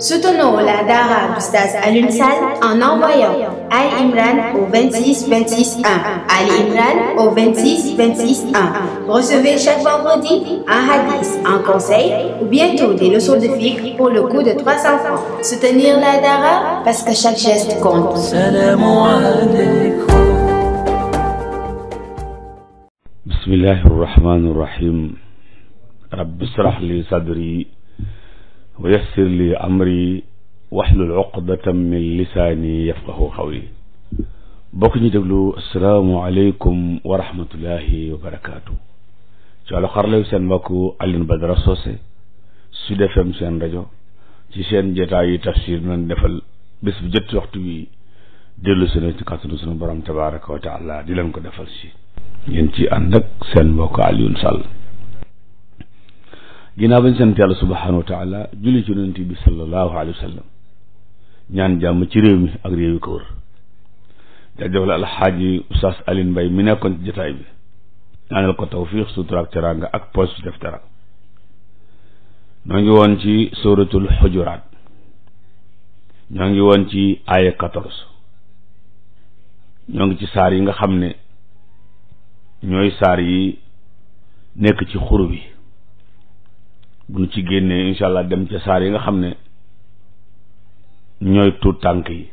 Soutenons la Dara Gustave Alunsal en envoyant Ali Imran au 26 26 1. Ali Imran au 26 26 1. Recevez chaque vendredi un hadith, un conseil ou bientôt des leçons de fiqh pour le coût de 300 francs. Soutenir la Dara parce que chaque geste compte. Bismillahir Rahmanir Rahim. Rabbi israh li sadri wa yassir li amri waxlul uqdatam min lisaani yafqahu xawli bokk ñu déglu asalaamualeykum wa rahmatullahi wa barakaatu ci wàllu xarlew seen mbokk Alioune Badara su Sud seen rajo ci seen jotaay yi tafsir nañ defal bés bu jot waxtu wi dellu si na ci kàttanu borom tabaraka wa taala di leen ko defal si. ngeen ci ànd seen mbokk Alioune sal ginnaaw bañ sant yàlla subhaanahu wa taala julli ci yonent bi sallallahu alayhi wa sallam ñaan jàmm ci réew mi ak réew yi ko wër jaajëf la alxaaji oustaz Alioune mi nekkoon ci jotaay bi ñaanal ko tawfiq sutura ak teraanga ak poche su def teraanga ñoo ngi woon ci suratul xujuraat ñoo ngi woon ci aaya quatorze ñoo ngi ci saar yi nga xam ne ñooy saar yi nekk ci xuru bi bu ñu ci génnee incha allah dem ca saar yi nga xam ne ñooy tuut tànk yi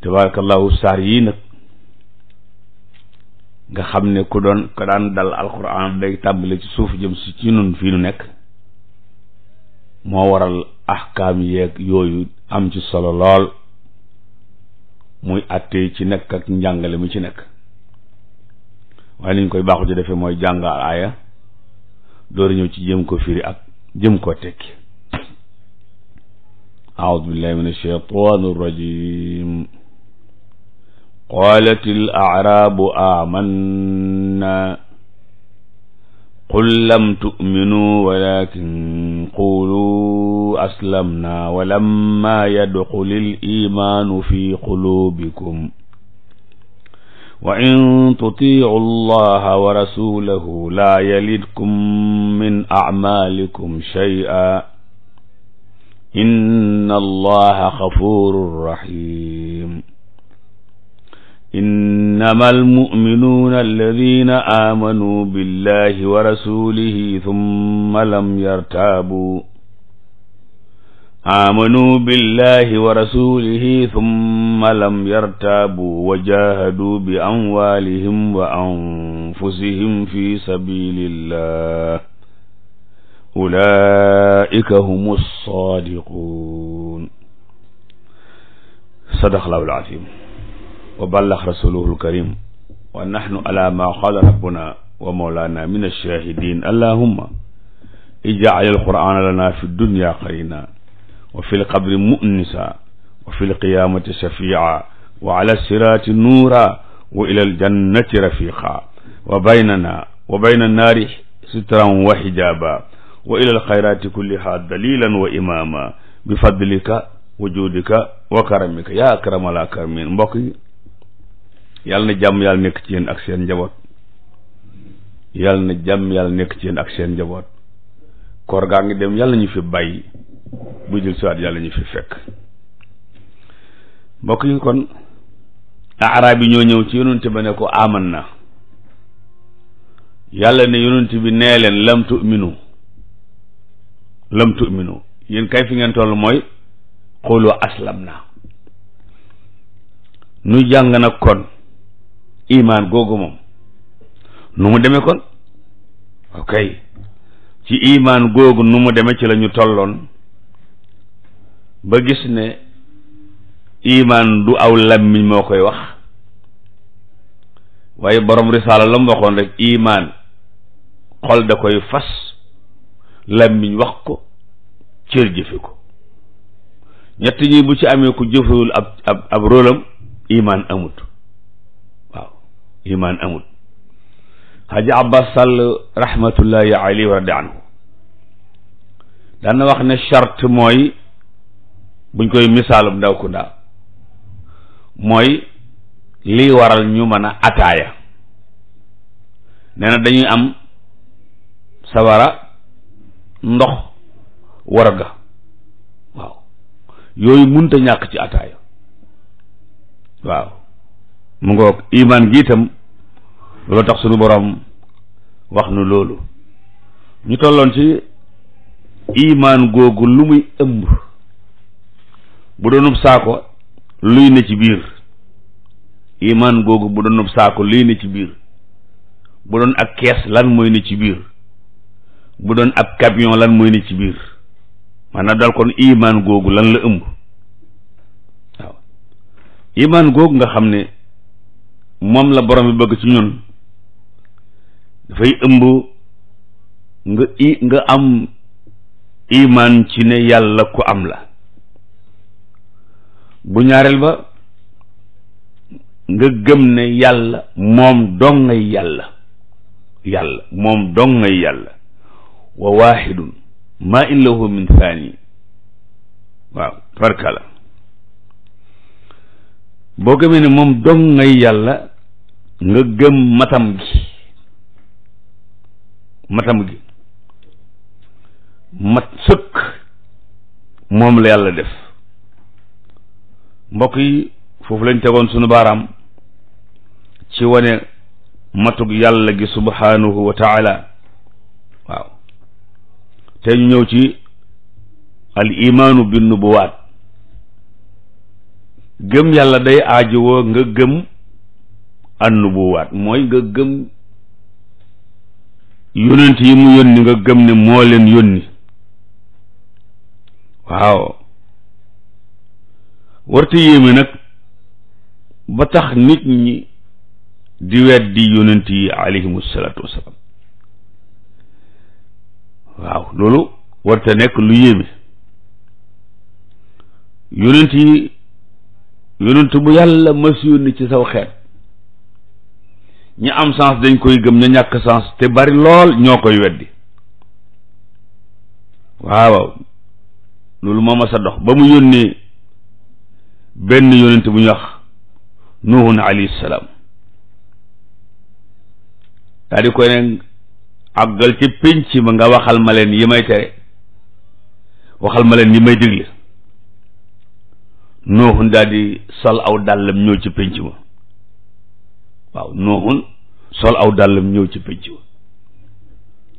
tabarakallahu saar yii nag nga xam ne ku doon ko daan dal alquran day tàmbale ci suuf jëm si ci nun fii nu nekk moo waral ahkaam yeeg yooyu am ci solo lool muy àttee ci nekk ak njàngale mi ci nekk waaye ni ñu koy baaxu ci defee mooy jàng aaya door ñëw ci jëm ko firi ak jëm ko tekki aoudu billahi min alsheitan arrajim qalat alacrabu amanna qul lam tuminuu walakin qulu aslamna walamma yadxuli alimaanu fi qulubikum wa in tutiicu allaha wa rasulahu laa yalidkum min acmaalikum shay'a inna allaha xafurun rahim innama almuminuuna alladina aamanuu billahi wa rasulihi thumma lam yartaabuu آمنوا بالله ورسوله ثم لم يرتابوا وجاهدوا بأموالهم وأنفسهم في سبيل الله أولئك هم الصادقون صدق الله العظيم وبلغ رسوله الكريم ونحن على ما قال ربنا ومولانا من الشاهدين اللهم اجعل القرآن لنا في الدنيا قرينا wa fi lqabri munisa wa fi lqiyaamati shafiica wa ala siraati nuura wa ila aljannati rafiqa wa baynana wa bayna annaari sitran wa xijaaba wa ila alxayraati kulliha dalilan wa imaama bi fadlika wa juudika wa karamika yaa akramal akramin mbokk yi yàlla na jàmm yàlla nekk ci yéen ak seen njaboot yàlla na jàmm yàlla nekk ci yéen ak seen njaboot koor gaa ngi dem yàlla ñu fi bàyyi bu jël siwaat yàlla ñu fi fekk mbokk yi kon araab yi ñoo ñëw ci yonent ba ne ko aman na yàlla ne yonent bi nee leen lam tu'minu lam tu'minu yéen kay fi ngeen toll mooy xooloo aslam na nu jàng nag kon imaan googu moom nu mu demee kon ok ci imaan googu nu mu demee ci la ñu tolloon ba gis ne imaan du aw làmmiñ moo koy wax waaye borom risaala la mu waxoon rek imaan xol da koy fas làmmiñ wax ko cër jëfe ko ñett ñi bu ci amee ku jëfewul ab ab ab imaan amut waaw imaan amut xaji abbas sàll rahmatullahi alayhi wa radi anhu wax ne charte mooy buñ koy misaalum ndaw ku ndaw mooy lii waral ñu mën a ataaya nee na dañuy am sawara ndox warga waaw yooyu munta ñàkk ci ataaya waaw mu ngoog imaan gi itam loolu tax sunu borom wax nu loolu ñu tolloon ci imaan googu lu muy ëmb bu doonub saako luy ne ci biir imaan googu bu doonub saako luy ne ci biir bu doon ab kees lan mooy ne ci biir bu doon ab lan mooy ne ci biir maanaam daal kon imaan googu lan la ëmb waaw imaan googu nga xam ne moom la borom bi bëgg ci ñun dafay ëmb nga i nga am imaan ci ne yàlla ku am la bu ñaareel ba nga gëm ne yàlla moom dong ngay yàlla yàlla moom dong ngay yàlla wa waaxidun maa in lahu min thani waaw farka la boo gëmee ne moom dong ngay yàlla nga gëm matam gi matam gi mat sëkk moom la yàlla def mbokk yi foofu lañ tegoon sunu baaraam ci wane matug yàlla gi subhaanahu wa waaw te ñu ñëw ci al imaanu bin nubuwaat gëm yàlla day aajowoo nga gëm an nubuwaat mooy nga gëm yónnent yi mu yónni nga gëm ne moo leen yónni waaw warta yéeme nag ba tax nit ñi di weddi yonent yi alayhimu salaatu wasalaam waaw loolu warta nekk lu yéeme yonent yi yonent bu yàlla mas yónni ci saw xeet ñi am sens dañ koy gëm ña ñàkk sens te bari lool ñoo koy weddi waaw loolu moo ma dox ba mu yónnee benn yonent bu ñu wax nuhun alayhi salaam di koy ne àggal ci pénc ma nga waxal ma leen yi may tere waxal ma leen yi may digle nuhun daal sol aw dàllam ñëw ci pénc ma waaw nuhun sol aw dàllam ñëw ci pénc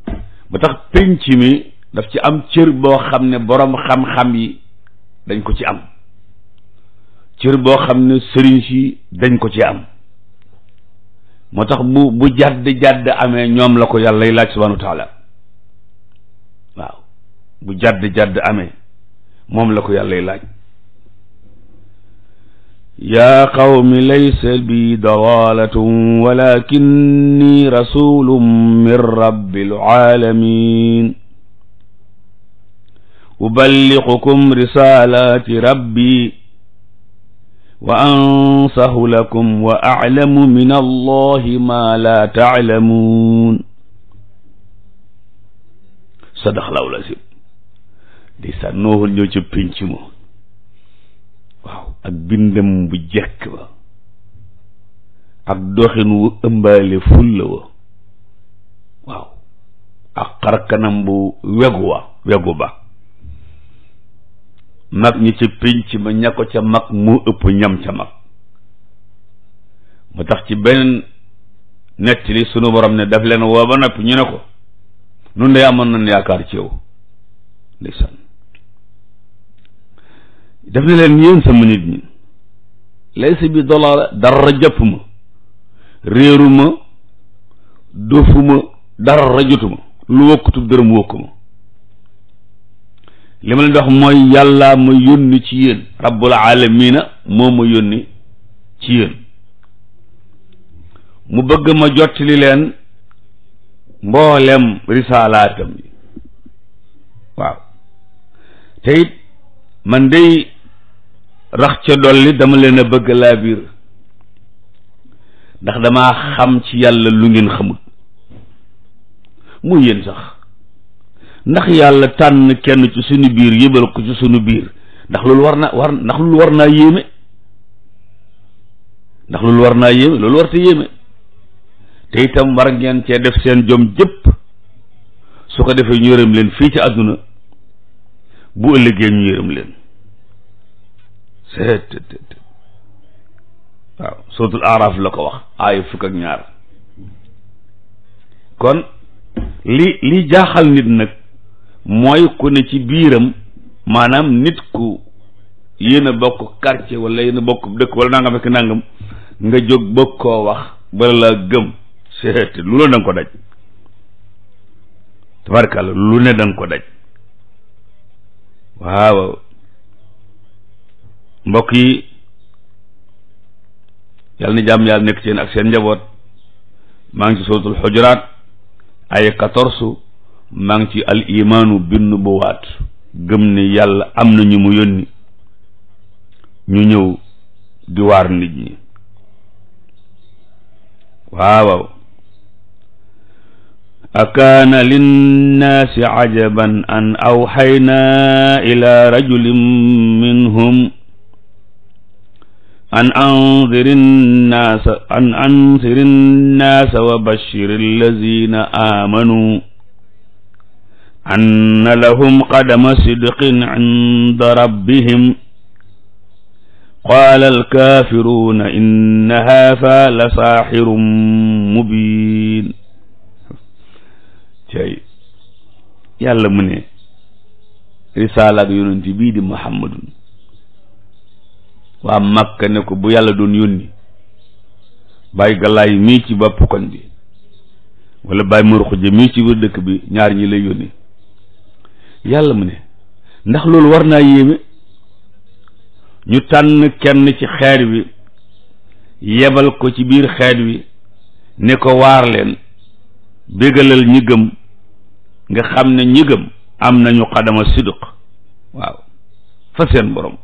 ma ba tax pénc mi daf ci am cër boo xam ne boroom xam-xam yi dañ ko ci am cër boo xam ne sëriñ si dañ ko ci am moo tax bu bu jàdd jàdd amee ñoom la ko yàlla laaj subhanahu wa taala waaw bu jàdd jàdd amee moom la ko yàlla laaj yaa qawmi laysa bi dalalatun walakinni rasulun min rabbil alamin uballiqukum risalati rabbi wa ansahu lakum wa aclamu min allahi ma la taalamuun sadaxlaw la si di sànnooxul ñëw ca pénc ma waaw ak bu jekk ba ak doxin wu ëmbaale fulla wa waaw ak bu wegu wa mag ñi ca pénc ma ña ko ca mag moo ëpp ñam ca mag mu tax ci benn nett li sunu borom ne daf leen woo ba noppi ñu ne ko nun day amoon nañ yaakaar ci yow ndeysaan def na leen yéen sama nit ñi laysa bi dolaala dara jàpp ma réeru ma dofuma dara rajutuma lu wokkutub dërëm wokku ma li ma leen di mooy yàlla ma yónni ci yéen rabbul alamina moo ma yónni ci yéen mu bëgg ma jot li leen mboolem risalaatam yi waaw te it man day rax ca dolli dama leen a bëgg laa biir ndax dama xam ci yàlla lu ngeen xamul muy yéen sax ndax yàlla tànn kenn ci suñu biir yëbal ko ci suñu biir ndax loolu war naa war ndax loolu war naa yéeme ndax loolu war naa yéeme loolu war te yéeme te itam war ngeen cee def seen jom jëpp su ko defee ñu yërëm leen fii ci àdduna bu ëllëgee ñu yërëm leen seet waaw sootul aaraaf la ko wax aaya fukk ak ñaar kon li li jaaxal nit nag mooy ko ne ci biiram maanaam nit ku yéen a bokk quartier wala yéen a bokk dëkk wala nangam ak nangam nga jóg bëgg koo wax bala laa gëm seet lu ko daj tabarkàlla lu ne danga nga ko daj waaw mbokk yi yàlla na jàmm yàlla nekk seen ak seen njaboot maa ngi ci suratul xujuraat ay quatorze maa ngi ci al imaanu bin nubuwaat gëm ne yàlla am na ñu mu yónni ñu ñëw di waar nit ñi waaw akaana linnaasi an awxaynaa ila rajulin minhum an anzir innaasa an anzir innaasa ann lahum qadama sidqin inda rabbihim qaala alkaafiruuna in haaza la saaxirun mubiin cay yàlla mu ne risaala ak yonent bii di muhammadun waa Makka ne ko bu yàlla doon yónni bàyyi galaay mii ci bopp koñ bi wala bàyyi moroxo ja mii ci biir dëkk bi ñaar ñi lay yónni yàlla mu ne ndax loolu war naa yéeme ñu tànn kenn ci xeet wi yebal ko ci biir xeet wi ne ko waar leen bégalal ñi gëm nga xam ne ñi gëm am nañu xadama sidduq waaw fa seen borom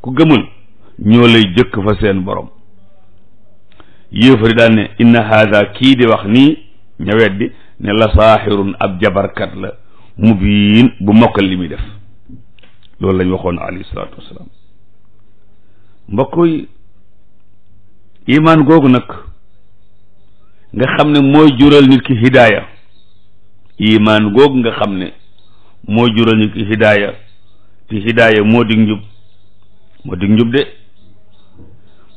ku gëmul ñoo lay jëkk fa seen borom yéefari daal ne inna haada kii di wax nii ña weddi ne la saaxirun ab jabarkat la mubiin bu mokkal li muy def loolu lañ waxoon alayhi salaatu wasalaam mbokk yi imaan googu nag nga xam ne mooy jural nit ki hidaaya imaan googu nga xam ne mooy jural nit ki hidaaya te hidaaya moo dig njub moo dig njub de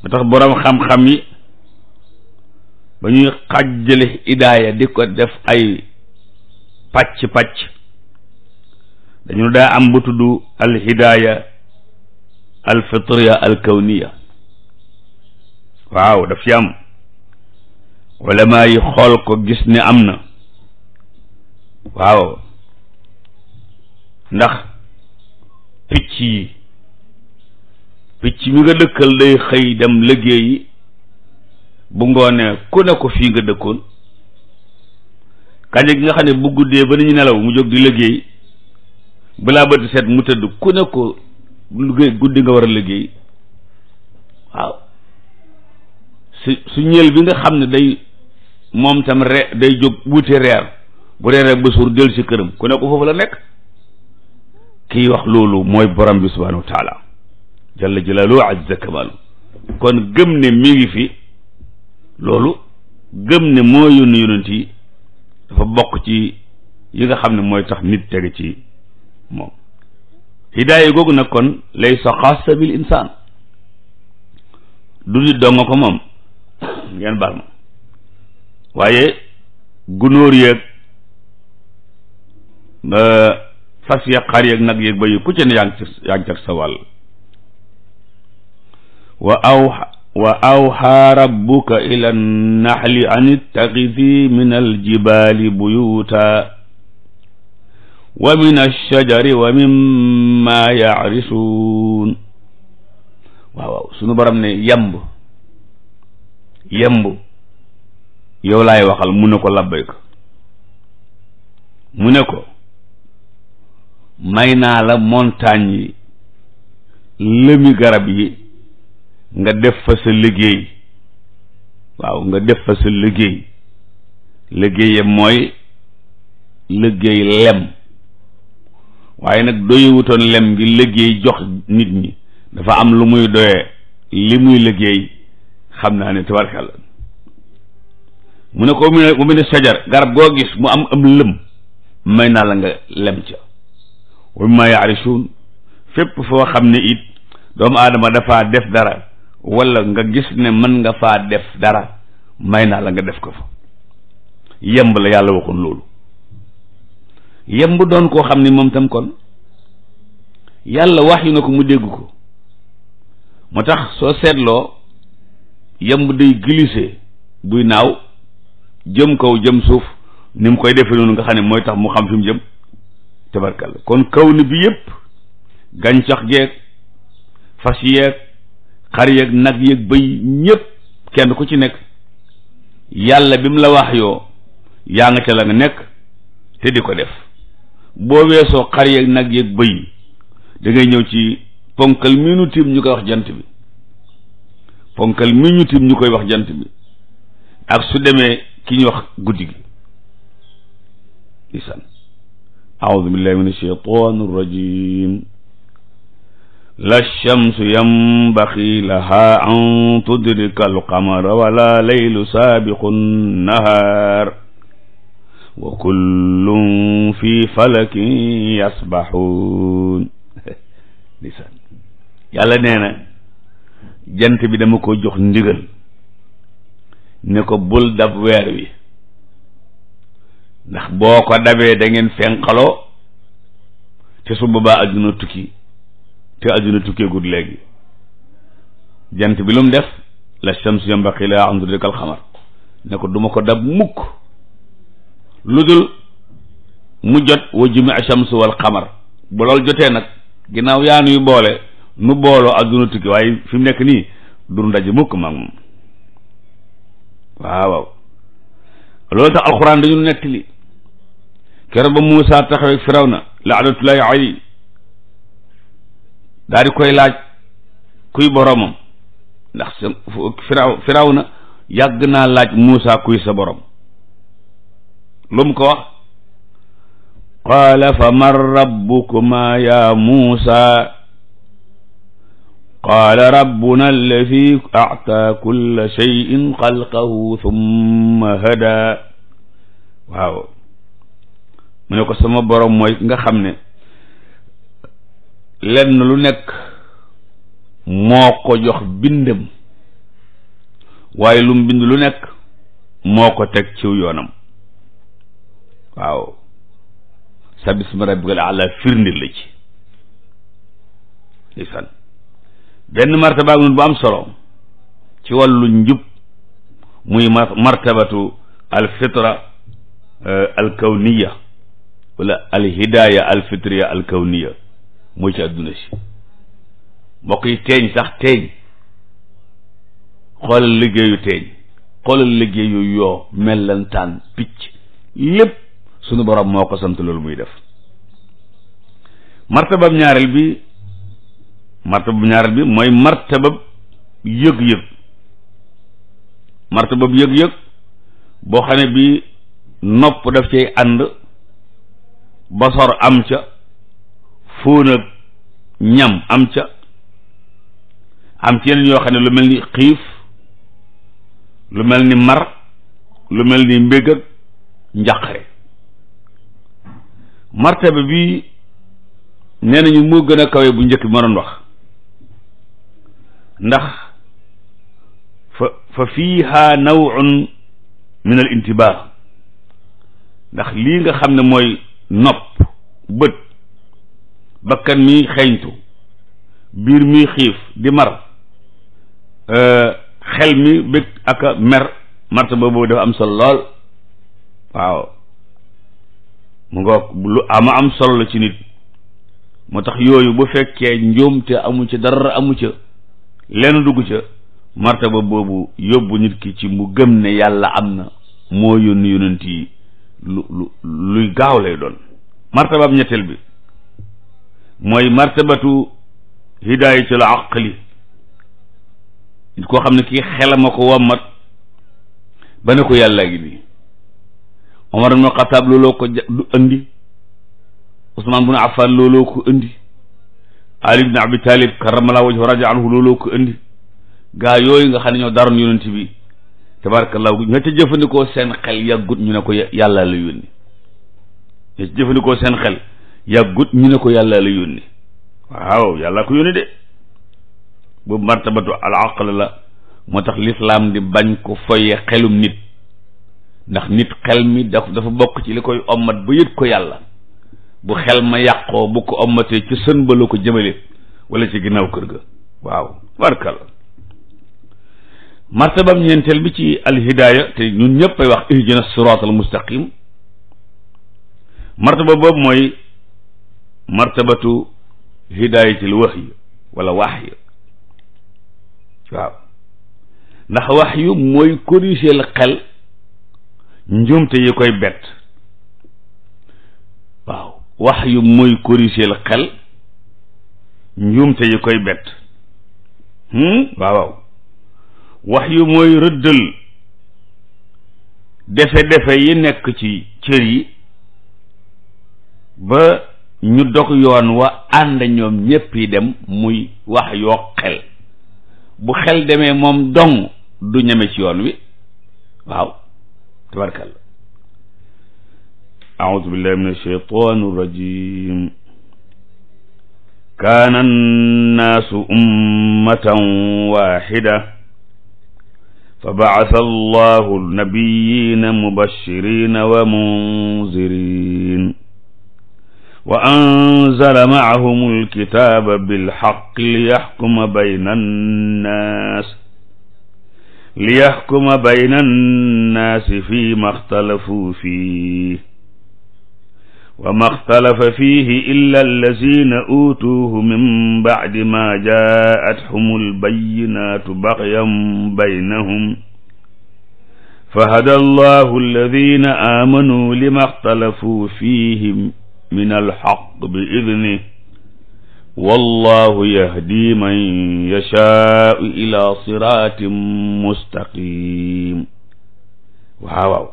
ba tax boroom xam-xam yi ba ñuy xàjjale hidaaya di ko def ay pàcc-pàcc dañu daa am bu tudd alhidaaya alfitriya alkawniya waaw daf ci am ulama yi xool ko gis ne am na waaw ndax picc yi picc mi nga dëkkal day xëy dem liggéeyi bu ngoonee ku ne ko fii nga dëkkoon kañ gi nga xam ne bu guddee ba ni ñu nelaw mu jóg di liggéey balaa bëtt set mu tëdd ku ne ko liggéey guddi nga war a liggéey waaw su su ñël bi nga xam ne day moom tam re day jóg wuute reer bu reeree ba suur dellu si këram ku ne ko foofu la nekk kiy wax loolu mooy borom bi subhanahu wa taala jalla jalaaluhu azza kamaalu kon gëm ne mi ngi fi loolu gëm ne moo yónni yonent yi dafa bokk ci yi nga xam ne mooy tax nit tege ci moom hidaaya googu nag kon lay insaan du nit dong ko moom ngeen baal ma waaye gunóor yeeg fas yeeg xar yeeg nag yeeg ba ku ci ne yaa ngi yaa ngi sa ila nnaxli an ittaxidi min aljibaali buyuuta wa min alshajari wa mimma yaarisuun waaw waaw suñu borom ne yemb yemb yow laay waxal mu ne ko labbayka mu ne ko may naa la montagne yi lëmi garab yi nga def fa sa liggéey waaw nga def sa liggéey liggéeyam mooy liggéey lem waaye nag doyewutoon lem gi liggéey jox nit ñi dafa am lu muy doyee li muy liggéey xam naa ne tabarkàlla mu ne ko mu ne mu ne sajar garab goo gis mu am ëm lëm may naa la nga lem ca wa ma yaarisuun fépp foo xam ne it doomu aadama dafa def dara wala nga gis ne mën nga faa def dara may naa la nga def ko fa yemb la yàlla waxoon loolu yemb doon koo xam ne moom tam kon yàlla wax yu na ko mu dégg ko moo tax soo seetloo yemb day glissé buy naaw jëm kaw jëm suuf ni mu koy defee noonu nga xam ne mooy tax mu xam fi mu jëm tabarkalla kon kaw ni bi yëpp gàncax geeg fas yeeg xar yeeg nag yeeg bëy ñépp kenn ku ci nekk yàlla bi mu la wax yoo yaa nga ca la nga nekk te di ko def boo weesoo xar yeeg nag yeeg bëy yi ñëw ci ponkal mi ñu tiim ñu koy wax jant bi ponkal mi ñu koy wax jant bi ak su demee ki ñu wax guddi gi isan aoudu billahi min alsheitan arrajim la shamsu yanbaqi laha an tudrika alqamara wala leylu sabiqu nnahaar wa kullum fi falakin yasbaxuun lisaan yàlla nee na jant bi dama ko jox ndigal ne ko bul dab weer wi ndax boo ko dabee da ngeen fenqaloo te su boobaa àdduna tukki te àdduna tukkeegul léegi jant bi lu mu def la shams yambaqi laa an tudrikal xamar ne ko duma ko dab mukk lu dul mu jot wa jumi ashamsu wal xamar bu loolu jotee nag ginnaaw yaa nuy boole nu booloo adduna tukki waaye fi mu nekk nii du ndaje mukk mag moom waaw loolu tax alxuraan dañu nettali keroog ba Moussa taxawee Firawna laanatullahi alayhi daal di koy laaj kuy boromam ndax sa Firaw Firawna yàgg naa laaj Moussa kuy sa borom lu mu ko wax qaala fa man rabbukuma ya muusa qaala rabbuna alladi actaa kulla cheyin xalqahu summa hada waaw mu ne ko sama borom mooy nga xam ne lenn lu nekk moo jox bindam waaye lu mu bind lu nekk moo ko teg ciw yoonam waaw sabisma rabbikal ala firndil la ci ndeysaan benn martabaak nun bu am solo ci wàllu njub muy martabatu al fitra euh, al kawniya wala al hidaaya al fitriya al kawniya mooy ci àdduna si mbokk yi teeñ sax teeñ xoolal liggéeyu teeñ xoolal liggéeyu yoo mellantaan picc lépp sunu borom moo ko sant loolu muy def martabab ñaareel bi martabab ñaareel bi mooy martabab yëg-yëg martabab yëg-yëg boo xam ne bi nopp daf cay ànd basor am ca fóon ak ñam am ca am ci yeneen yoo xam ne lu mel ni xiif lu mel ni mar lu mel ni mbég ak njàqare martaba bi nee nañu moo gën a kawe bu njëkk bi ma doon wax ndax fa fa fiiha nawun min al intibaar ndax lii nga xam ne mooy nopp bët bakkan mi xeeñtu biir mi xiif di mar euh, xel mi bëgg ak a mer martaba boobu dafa am sol lool waaw mu ngoog lu ama am solo la ci nit moo tax yooyu bu fekkee te amu ca dara amu ca lenn dugg ca martaba boobu yóbbu nit ki ci mu gëm ne yàlla am na moo yónni yonent lu lu luy gaaw lay doon martabaam ñetteel bi mooy martabatu hidaayatul aqli nit koo xam ne kii a ko wammat ba ne ko yàlla gi nii Omar ibnu Xataab looloo ko ja du andi bu ibnu Affan looloo ko andi Ali ibnu Abi Talib karamallahu wajhu radia anhu looloo ko andi gaa yooyu nga xam ne ñoo daroon yonent bi tabarakallahu ñoo ca jëfandikoo seen yàggut ñu ne ko yàlla la jëfandikoo seen xel yàggut ñu ne ko yàlla la yónni waaw yàlla ko yónni de boobu martabatu al aql la moo tax lislaam di bañ ko foye xelum nit ndax nit xel mi daf dafa bokk ci li koy omat bu yët ko yàlla bu xel ma yàqoo bu ko ommatee ci sën ba la ko jëmale wala ci ginnaaw kër ga waaw barkal martabam ñeenteel bi ci alhidaaya te ñun ñëpp ay wax ihdina siraatal mustaqim martaba boobu mooy martabatu hidaayatil wahyi wala wahyi waaw ndax wahyu mooy corriger la xel njuumte yi koy bett waaw wax yu mooy corrigeel xel njuumte yi koy bett hmm? waaw wax yu mooy rëddal defe-defe yi nekk ci cër yi ba ñu dog yoon wa ànd ñoom ñépp yi dem muy wax yoo xel bu xel demee moom dong du ñeme ci yoon wi waaw tabarkàlla aoudu billahi min alsheitan arrajim kaana annaasu ummatan waxida فبعث الله النبيين مبشرين ومنذرين وأنزل معهم الكتاب بالحق ليحكم بين الناس li yaxkuma bayna annaasi fii ma xtalafuu fii wa ma xtalafa fiihi illa allazina uutuuhu min bacdi ma jaa'athum albayinaatu baxyan baynahum fahada allahu allazina aamanuu lima xtalafuu fiihi min alxaq bi idnihi wallahu yahdi man yashaau ila siraatin mustaqim waaw waaw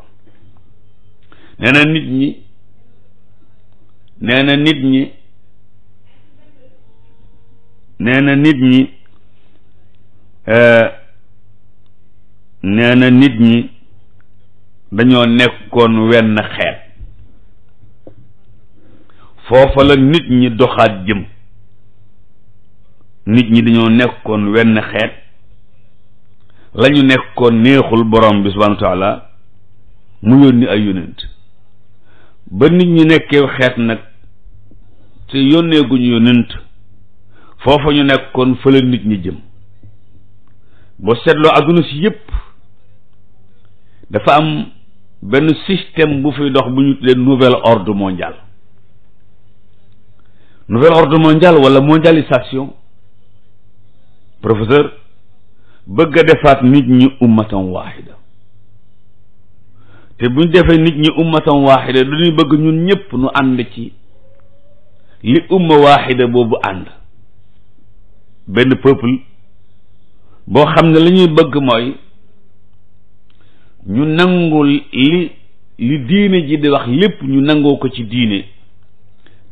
nee na nit ñi nee na nit ñi nee na nit ñi eh, nee na nit ñi dañoo nekkoon wenn xeet foofa la nit ñi doxaat jëm nit ñi dañoo nekkoon wenn xeet la ñu nekkoon neexul borom bi subhanahu wa mu yónni ay yónent ba nit ñi nekkee xeet nag te yónnee guñu yónent foofa ñu nekkoon fële nit ñi jëm boo seetloo adduna si yëpp dafa am benn système bu fiy dox bu ñu tuddee nouvel ordre mondial nouvel ordre mondial wala mondialisation professeur bëgg a defaat nit ñi ummatan waaxida te buñ defee nit ñi ummatan waaxida du ñuy bëgg ñun ñëpp nu ànd ci li umma waaxida boobu ànd benn peuple boo xam ne lañuy bëgg mooy ñu nangu li li diine ji di wax lépp ñu nangoo ko ci diine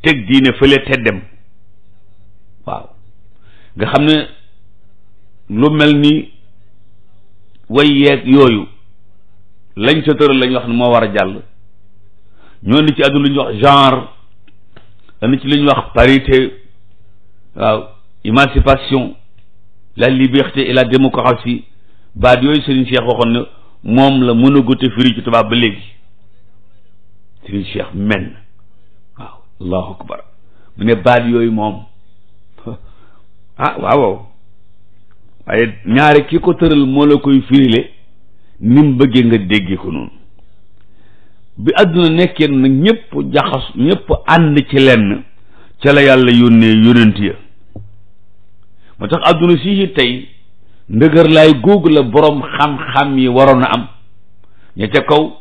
teg diine fële te dem waaw nga xam ne lu mel ni way yeeg yooyu lañ sa tëral lañ wax ne moo war a jàll ñoo ni ci àdduna lu ñuy wax genre andi ci lu ñuy wax parité waaw émancipation la liberté et la démocratie baat yooyu Serigne Cheikh waxoon moom la mën a gote firi ba léegi Serigne Cheikh men waaw allahu akbar mu ne baat yooyu moom ah waaw waaye ñaari ki ko tëral moo la koy firile ni mu bëggee nga déggee ko noonu bi àdduna nekkee nag ñëpp jaxas ñëpp ànd ci lenn ca la yàlla yónnee yónent ya moo tax àdduna sii tey ndëgër laay googu la boroom xam-xam yi waroon a am ña ca kaw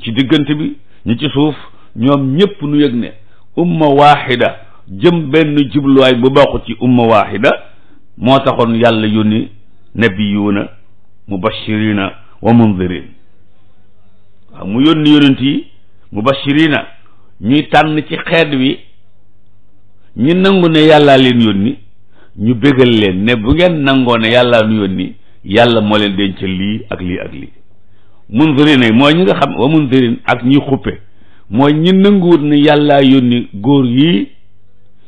ci diggante bi ñu ci suuf ñoom ñëpp nu yëg ne umma waaxida jëm benn jubluwaay bu bokk ci umma waaxida moo taxoon yàlla yónni nabiyuuna mu wa mundirin waaw mu yónni yónent yi mubashirina ñuy tànn ci xeet wi ñi nangu ne yàllaa leen yónni ñu bégal leen ne bu ngeen nangoo ne yàllaa nu yónni yàlla moo leen denc lii ak lii ak lii mundirin mooy ñi nga xam wa ak ñi xuppe mooy ñi nanguwut ne yàllaa yónni góor yii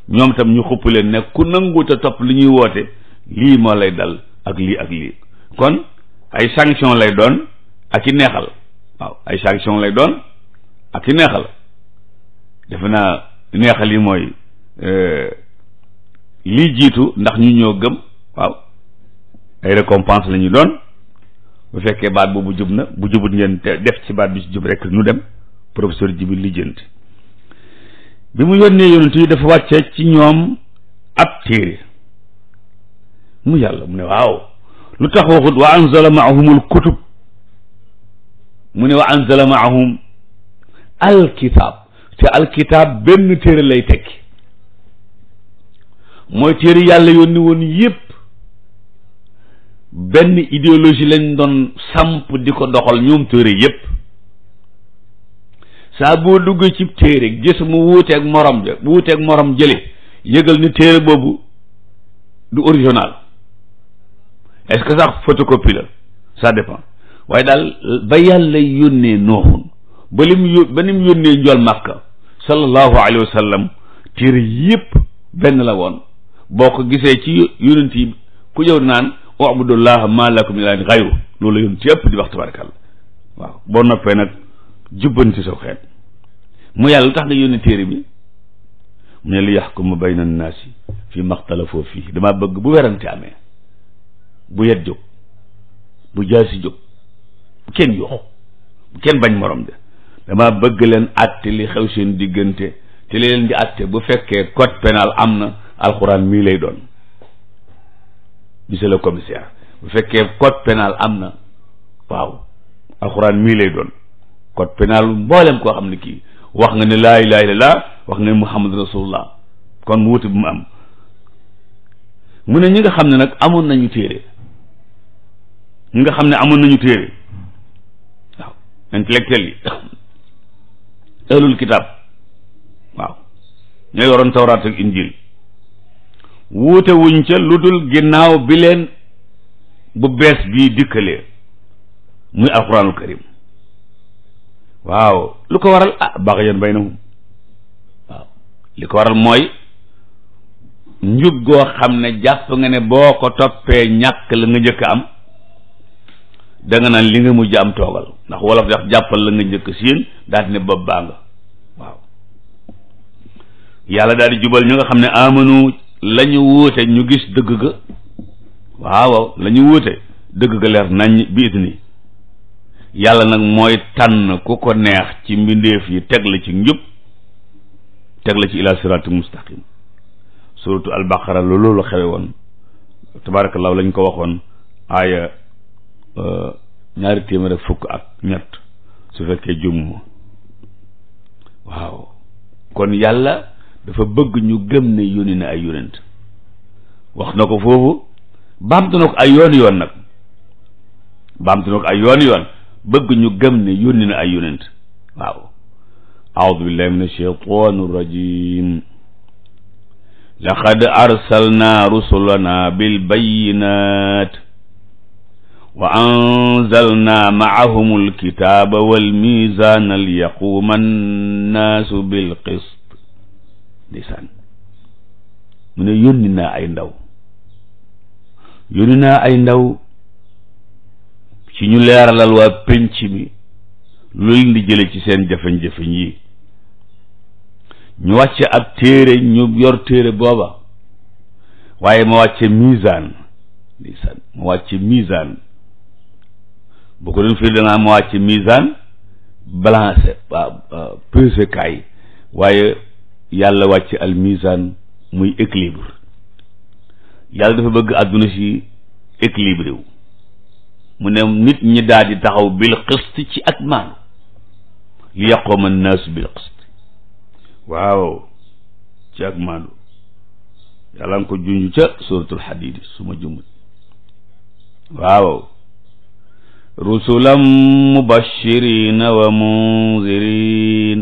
ñoom tam ñu xupp leen ne ku nanguut a topp li ñuy woote lii moo lay dal ak lii ak lii kon ay sanction lay doon ak i neexal waaw ay lay doon ak i neexal defe naa neexal yi mooy euh, lii jiitu ndax ñu ñoo gëm waaw ay récompense lañuy doon bu fekkee baat boobu jub na bu jubut ngeen def ci baat bi ci jub rek ñu dem professeur Jibi lijjanti bi mu yónnee yonent dafa wàcce ci ñoom ab téere mu yàlla mu ne waaw lu tax waxut wa anzala maahumul kutub mu ne wa anzala maahum alkitab te alkitab benn téere lay tekki mooy téere yàlla yónni woon yépp benn idéologie lañ doon samp di ko doxal ñoom téere yépp saa boo duggee ci téere gis mu wuuteeg morom ja wuuteeg morom yëgal ni téere boobu du original est-ce que sax photocopie la ça dépend waaye daal ba yàlla yónnee nooxun ba lim yó ba nim yónnee njool màkka sallallahu alayhi wa téere yëpp benn la woon boo ko gisee ci yonent yi ku ñëw naan ubudullah ma lakum min ilaahin xayru loolu la yonent yëpp di wax tabarakàllah waaw boo noppee nag jubbanti saw xeet mu yàlla lu tax nga yónni téere bi mu ne li yaxkuma bayna annaasi fi maxtalafoo fii damaa bëgg bu werante amee bu yet jóg bu jaasi jóg bu kenn yooxu bu kenn bañ morom de damaa bëgg leen àtte li xew seen diggante te li leen di àtte bu fekkee code pénal am na alxuraan mii lay doon monsieur le commissaire bu fekkee code pénal am na waaw alxuraan mii lay doon kon pénal mboolem koo xam ne kii wax nga ne laa ilaha illallah wax nga ne muhammad rasulullah kon mu wuti bu mu am mu ne ñi nga xam ne nag amoon nañu téere ñi nga xam ne amoon nañu téere waaw intellectuel yi ahlul kitaab waaw ñoo yoroon tawraat ak injil wuute wuñ ca lu dul ginnaaw bi leen bu bees bii dikkalee muy alxuraanul karim waaw lu ko waral ah baxyan baynahum waaw li ko waral mooy njub goo xam ne jàpp nga ne boo ko toppee ñàkk la nga njëkk am da nga naan li nga mujj am toogal ndax wolof dax jàppal la nga njëkk siin daal ne bopp baa nga waaw yàlla daal di jubal ñu nga xam ne amanu lañu ñu wuute ñu gis dëgg ga waaw la ñu wuute dëgg ga leer nañ bi it nii yàlla nag mooy tànn ku ko neex ci mbindeef yi teg la ci njub teg la ci ila sirati mustaqim suratu albaqara lu la xewe woon tabaarakallaahu lañ ko waxoon aaya euh, ñaari téeméer ak fukk ak ñett su fekkee jumuma waaw kon yàlla dafa bëgg ñu gëm ne yónni na ay yónent wax na ko foofu baamtu na ko ay yoon yoon nag baamtu na ko ay yoon yoon bëgg ñu gëm ne yónni na ay yonent waaw aoudu billahi min alsheitan arrajim laqad arsalna rusulana bilbayinat wa anzalna maahum alkitaba walmizana liyaquuma annaasu bilqist ndeysaan mu ne yónni naa ay ndaw yónni naa ay ndaw ci ñu leeralal waa pénc mi lu leen di jële ci seen jafe-jafe yi ñu wàcce ab téere ñu yor téere booba waaye ma wàcce misaan ndeysaan ma wàcce misaan bu ko doon firi danaa ma wàcce misaan balance pesé waaye yàlla wàcce al misaan muy équilibre yàlla dafa bëgg àdduna si équilibre mu ne nit ñi daal di taxaw bil qist ci ak maanu li yaqooma naasu bil qist waaw ci ak maanu yàlla nga ko junj ca suratul xadiid su ma jumul waaw rusulam mubashirina wa munzirin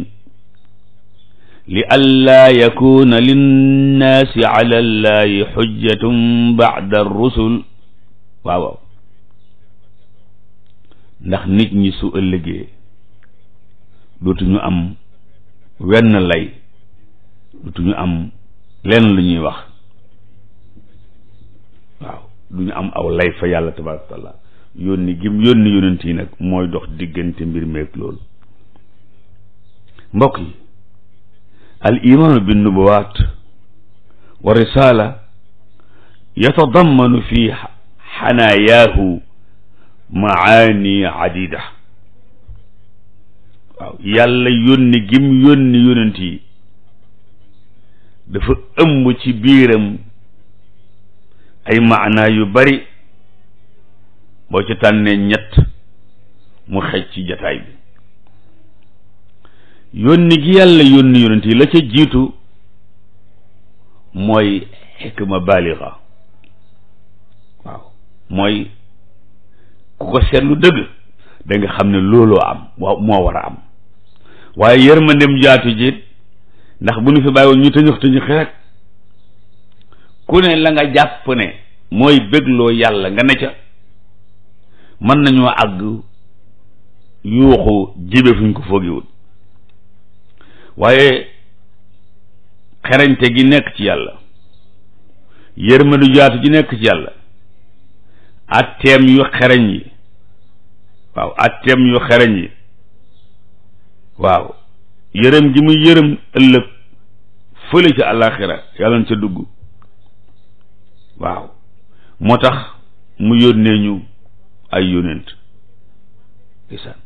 li allaa yakuna linnaasi ala allahi xujjatun bacda rusul waaw waaw ndax nit ñi su ëllëgee ñu am wenn lay dootuñu am lenn lu ñuy wax waaw duñu am aw lay fa yàlla tabaaraka taala yónni gim yónni yónent yi nag mooy dox diggante mbir meeg lool mbokk yi al imaanu bi nubuwaat wa risaala yatadammanu fi xanaayaahu maani adida waaw yàlla yónni gim yónni yónent dafa ëmb ci biiram ay maanaa yu bari boo ci tànnee ñett mu xej ci jataay bi yónni gi yàlla yónni yónent la ca jiitu mooy xikma baaliga waaw mooy ku ko seetlu dëgg da nga xam ne looloo am moo war a am waaye yërmandem jaatu ji ndax bu ñu fi bàyyiwoon ñu tëñëx tëñëx rek ku ne la nga jàpp ne mooy bégloo yàlla nga ne ca mën nañoo àgg yuuxu jibe fuñ ko foogiwul waaye xerañte gi nekk ci yàlla yërmandu jaatu ji nekk ci yàlla atteem yu xereñ yi waaw atteem yu xereñ yi waaw yërëm ji muy yërëm ëllëg fële ci àllaaxira yàlla na ca dugg waaw tax mu yónnee ñu ay yónent isaan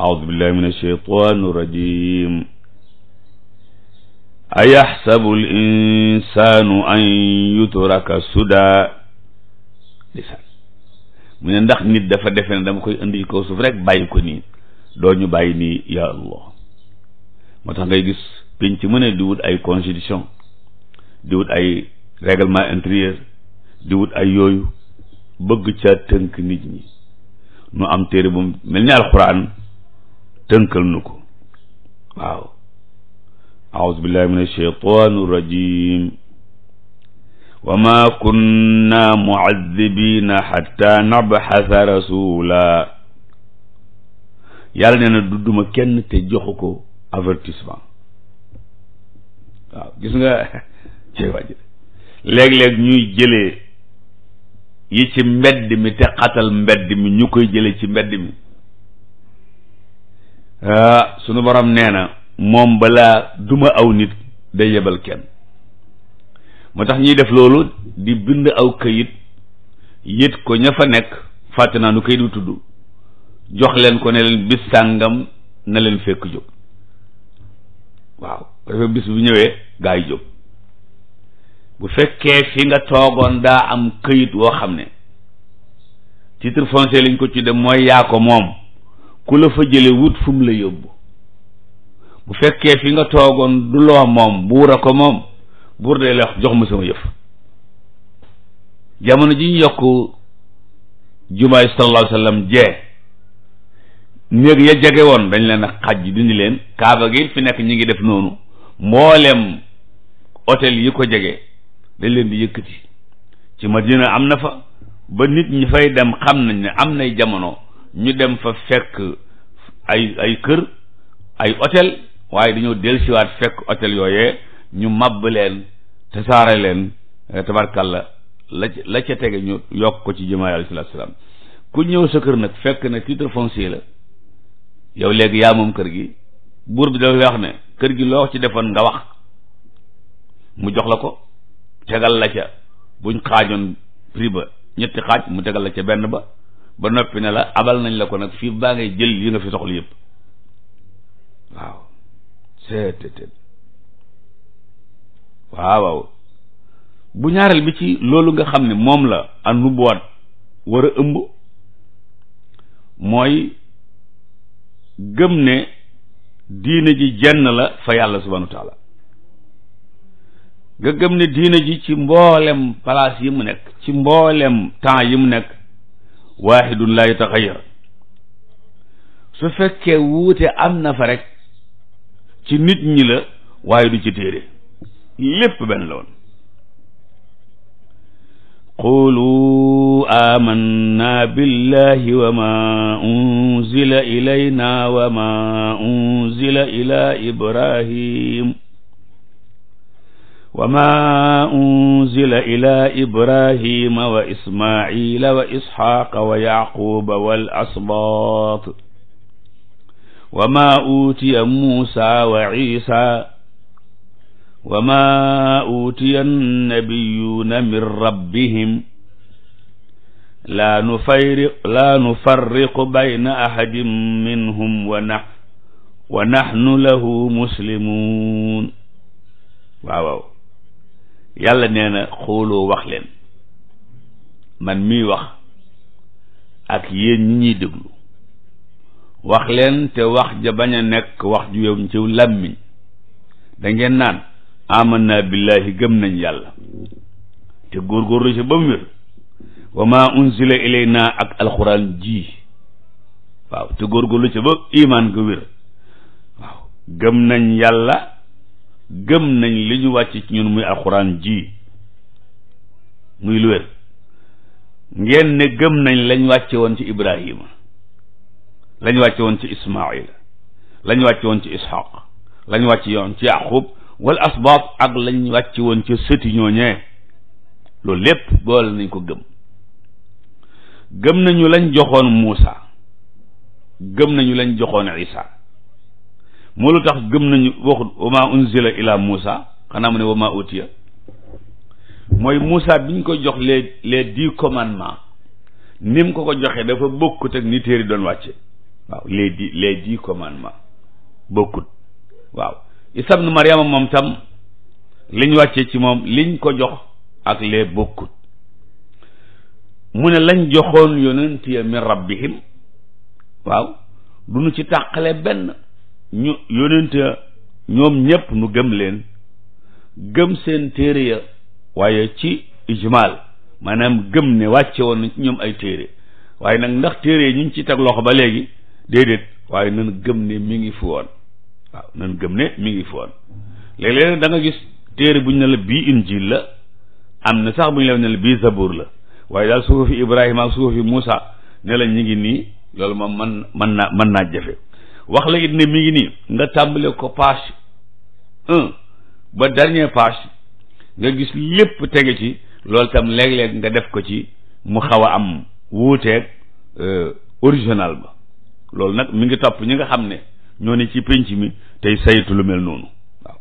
aoudu billahi min alsheytan rajim ayaxsabu al insanu an suda mu ne ndax nit dafa defe ne dama koy indi kaw suuf rek bàyyi ko nii doo ñu bàyyi nii ya allah moo tax ngay gis penc mu ne di wut ay constitution di wut ay règlement intérieur di wut ay yooyu bëgg ca tënk nit ñi nu am téere bu mel ni alxuraan tënkal nu ko waaw aouzu billahi min alsheytan rajim wa ma kunna muazzibina xatta nabxasa rasula yàlla nee na duma kenn te joxu ko avertissement waaw gis nga cey wàjj léeg-léeg ñuy jëlee yi ci mbedd mi te xatal mbedd mi ñu koy jëlee ci mbedd mi ah, sunu borom nee na moom balaa duma aw nit day yebal kenn moo tax ñuy def loolu di bind aw këyit yët ko ña fa nekk fàtte naa nu këyit wu tudd jox leen ko ne leen bis sàngam na leen fekk jóg waaw dafa bis bu ñëwee gaa yi jóg bu fekkee fi nga toogoon daa am këyit woo xam ne titre foncier liñ ko tudde mooy yaa ko moom ku la fa jële wut fu mu la yóbbu bu fekkee fi nga toogoon du loo moom buur a ko moom buur day la jox ma sama yëf jamono ji ñu yokk jumaay sallallahu alayhi wa jee néeg ya jege woon dañ leen a xaj dindi leen kaaba gi fi nekk ñi ngi def noonu mboolem hôtel yi ko jege dañ leen di yëkkati ci Madina am na fa ba nit ñi fay dem xam nañ ne am nay jamono ñu dem fa fekk ay ay kër ay hôtel waaye dañoo siwaat fekk hôtel yooyee ñu màbb leen tasaare leen tabarkàlla la ca la ca tege ñu yokk ko ci jumaa alayhi salaatu salaam ku ñëw sa kër nag fekk na titre foncier la yow léegi yaa moom kër gi buur bi dafay wax ne kër gi loo ci defoon nga wax mu jox la ko tegal la ca buñ xaajoon prix ba ñetti xaaj mu tegal la ca benn ba ba noppi ne la abal nañ la ko nag fii baa ngay jël yi nga fi soxla yëpp waaw waaw bu ñaareel bi ci loolu nga xam ne moom la an nubuwaat war a ëmb mooy gëm ne diina ji jenn la fa yàlla subhanahu nga gëm ne diine ji ci mboolem place yi mu nekk ci mboolem temps yi mu nekk waaxidun laa yutaxayar su fekkee wuute am na fa rek ci nit ñi la waaye du ci téere lépp benn la woon qulu amanna billahi wa ma unzila ilayna wa ma unzila ila ibrahim wa ma unzila ila ibrahima wa ismaila wa isxaaqa wa yaquba wal asbaat wa ma utiya muusa wa isa wa maa uutiya annabiyuuna min rabbihim laa nufayri laa nufarriqu bayna ahadin minhum wa nax wa naxnu lahu muslimuun waaw waaw yàlla nee na xooloo wax leen man miy wax ak yéen ñi ñuy déglu wax leen te wax ja bañ a nekk wax ju yow ci làmmiñ da ngeen naan amanna billahi gëm nañ yàlla te góorgóorlu ci ba mu wér wa ma unzila ilayna ak alxuraan ji waaw te góorgóorlu ci ba imaan nga wér gëm nañ yàlla gëm nañ li ñu wàcc ci ñun muy alxuraan ji muy lu wér ngeen ne gëm nañ lañ wàcce woon ci Ibrahima lañ wàcce woon ci Ismaayil lañ wàcce woon ci Ishaq lañ wàcc yoon ci Yaqub wal asbaab ak lañ wàcce woon ca sëti ñooñee loolu lépp boole nañ ko gëm gëm nañu lañ joxoon Muusa gëm nañu lañ joxoon Isa moo lu tax gëm nañu waxut wa maa unzila ila Muusa xanaa mu ne wa maa utiya mooy Muusa bi ko jox les les dix commandement ni mu ko ko joxee dafa bokkut ak ni téere doon wàcce waaw les dix les dix commandements bokkut waaw isa ibnu maryama moom tam liñ wàccee ci moom liñ ko jox ak lee bokkut mu ne lañ joxoon yonent ya min rabbihim waaw du nu ci tàqale benn ñu yonent ya ñoom ñépp nu gëm leen gëm seen téere ya waaye ci ijmaal maanaam gëm ne wàcce woon ci ñoom ay téere waaye nag ndax téere yi ñu ngi ci teg loxo ba léegi déedéet waaye nan gëm ne mi ngi fi woon waaw nan gëm ne mi ngi foon léeg-léeg da nga gis téere bu ñu ne la bii injil la am na sax bu ñu la ne bii zabur la waaye daal suufu fi ibrahima ak suufu fi moussa ne la ñu ngi nii loolu moom man man naa mën naa jafe wax la it ne mi ngi nii nga tàmbale ko page ba dernier page nga gis lépp tege ci loolu tam léeg-léeg nga def ko ci mu xaw a am wuuteeg euh, original ba loolu nag mi ngi topp ñi nga xam ne ñoo ne ci pénc mi tey saytu lu mel noonu waaw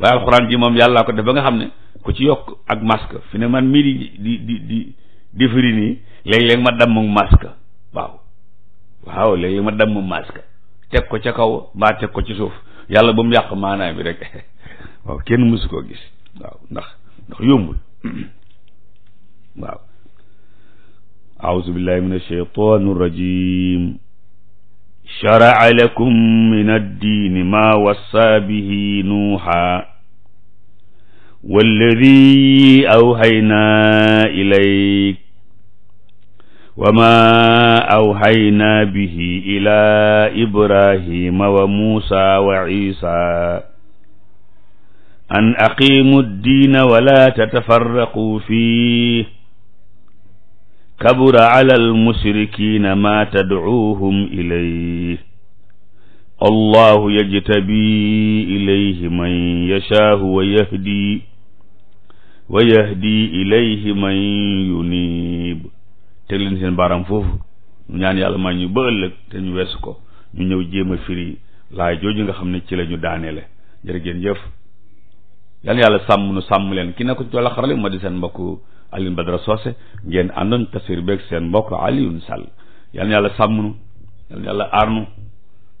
waaye alxuraan ji moom yàllaa ko def ba nga xam ne ko ci yokk ak masque fi ne man mii di di di di di firi nii léeg-léeg ma damm masque waaw waaw léeg-léeg ma damm masque teg ko ca kaw mbaa teg ko ci suuf yàlla ba mu yàq maanaam bi rek waaw kenn mësu koo gis waaw ndax ndax yombul waaw aouzu billahi min shara'a lakum min addiini maa wassaa bihi nuuxa walladi awxaynaa ilayk wa maa awxaynaa bihi ilaa ibrahima wa muusa wa ciisa an aqiimu ddiina wala tatafarraquu fiih kabura ala almushrikiina maa tadcuuhum ilayh allahu yajtabi ilayhi man yashaahu seen baaraam foofu ñu ñaan yàlla may ñu ba te ñu weesu ko ñu ñëw jéem a firi laay jooju nga xam ne ci la ñu daaneele jërë ngeen jëf yal na yàlla sàmm nu sàmm leen ki nekk ci wàllu xarale moo seen mbokku Alioune Badara Socé ngeen àndoon tafsir beeg seen mbokk Alioune sal yal na yàlla sàmm nu yal na yàlla aar nu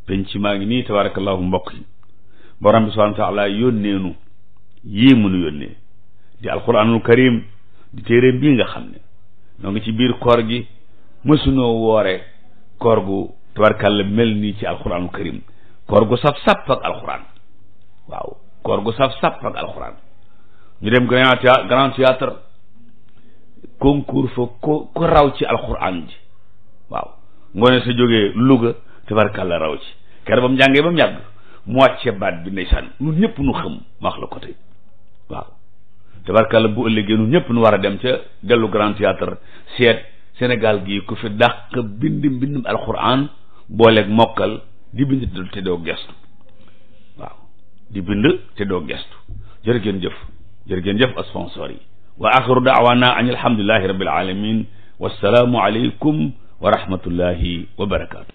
penc maa ngi nii tabarakallahu mbokk yi borom bi subhanahu wa yii mu nu yónnee di alquranul karim di téere bii nga xam ne noo ngi ci biir koor gi mësunoo woore koor gu mel nii ci alquranul karim koor gu saf saf ak alquran waaw koor gu saf sàpp ak alxuraan ñu dem grand théâtre concours fa ko ko raw ci alxuraan ji waaw ngoone sa jógee Louga tabarkàlla raw ci kere ba mu jàngee ba mu yàgg mu wàccee baat bi ndeysaan ñun ñëpp nu xam ma wax la ko tey waaw tabarkàlla bu ëllëgee ñun ñëpp nu war a dem ca dellu grand théâtre seet Sénégal gii ku fi dàq bind mbindum alxuraan booleeg mokkal di bind te doo gestu di bind te doo gestu jërë ngeen jëf jërë ngeen jëf sponsor yi wa axiru daawana an alhamdulillahi rabbil alamin wassalaamu aleykum wa rahmatullahi wa barakaatu